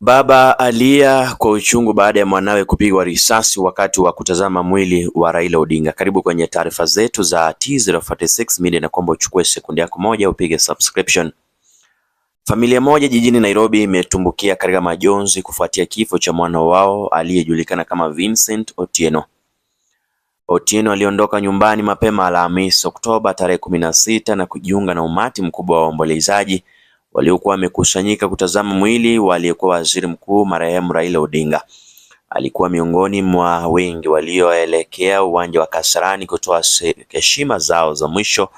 Baba alia kwa uchungu baada ya mwanawe kupigwa risasi wakati wa kutazama mwili wa Raila Odinga. Karibu kwenye taarifa zetu za T046 Media, na kuomba uchukue sekunde yako moja upige subscription. Familia moja jijini Nairobi imetumbukia katika majonzi kufuatia kifo cha mwana wao aliyejulikana kama Vincent Otieno. Otieno aliondoka nyumbani mapema Alhamisi Oktoba tarehe 16 na kujiunga na umati mkubwa wa waombolezaji waliokuwa wamekusanyika kutazama mwili wa aliyekuwa waziri mkuu marehemu Raila Odinga. Alikuwa miongoni mwa wengi walioelekea uwanja wa Kasarani kutoa heshima zao za mwisho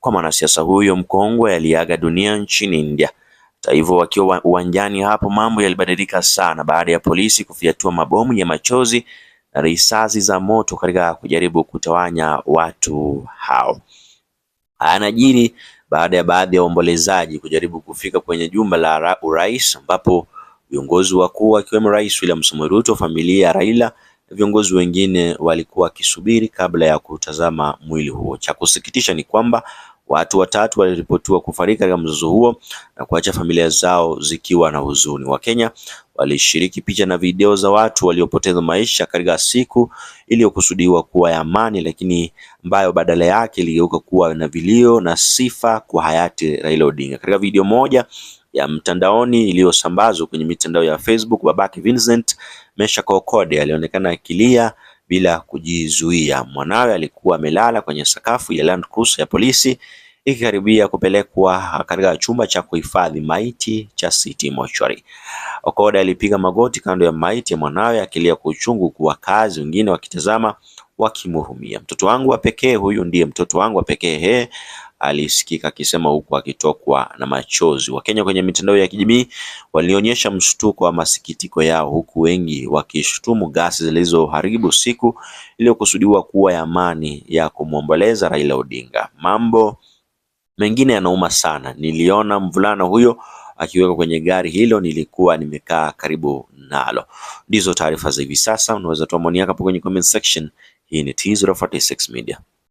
kwa mwanasiasa huyo mkongwe aliyeaga dunia nchini India. Hata hivyo, wakiwa uwanjani hapo, mambo yalibadilika sana baada ya polisi kufyatua mabomu ya machozi na risasi za moto katika kujaribu kutawanya watu hao. Anajiri baada ya baadhi ya waombolezaji kujaribu kufika kwenye jumba la urais ambapo viongozi wakuu akiwemo Rais William Samoei Ruto, familia ya Raila na viongozi wengine walikuwa wakisubiri kabla ya kutazama mwili huo. Cha kusikitisha ni kwamba Watu watatu waliripotiwa kufariki katika mzozo huo na kuacha familia zao zikiwa na huzuni. Wakenya walishiriki picha na video za watu waliopoteza maisha katika siku iliyokusudiwa kuwa ya amani, lakini ambayo badala yake iligeuka kuwa na vilio na sifa kwa hayati Raila Odinga. Katika video moja ya mtandaoni iliyosambazwa kwenye mitandao ya Facebook, babake Vincent Meshack Okode alionekana akilia bila kujizuia. Mwanawe alikuwa amelala kwenye sakafu ya Land Cruiser ya polisi ikikaribia kupelekwa katika chumba cha kuhifadhi maiti cha City Mortuary. Okoda alipiga magoti kando ya maiti ya mwanawe akilia kwa uchungu, kwa wakazi wengine wakitazama wakimhurumia. Mtoto wangu wa pekee, huyu ndiye mtoto wangu wa pekee, he alisikika akisema huku akitokwa na machozi. Wakenya kwenye mitandao ya kijamii walionyesha mshtuko wa masikitiko yao, huku wengi wakishutumu gasi zilizoharibu siku iliyokusudiwa kuwa ya amani ya kumwomboleza Raila Odinga. Mambo mengine yanauma sana. Niliona mvulana huyo akiwekwa kwenye gari hilo, nilikuwa nimekaa karibu nalo. Ndizo taarifa za hivi sasa. Unaweza toa maoni yako hapo kwenye comment section. Hii ni T046 Media.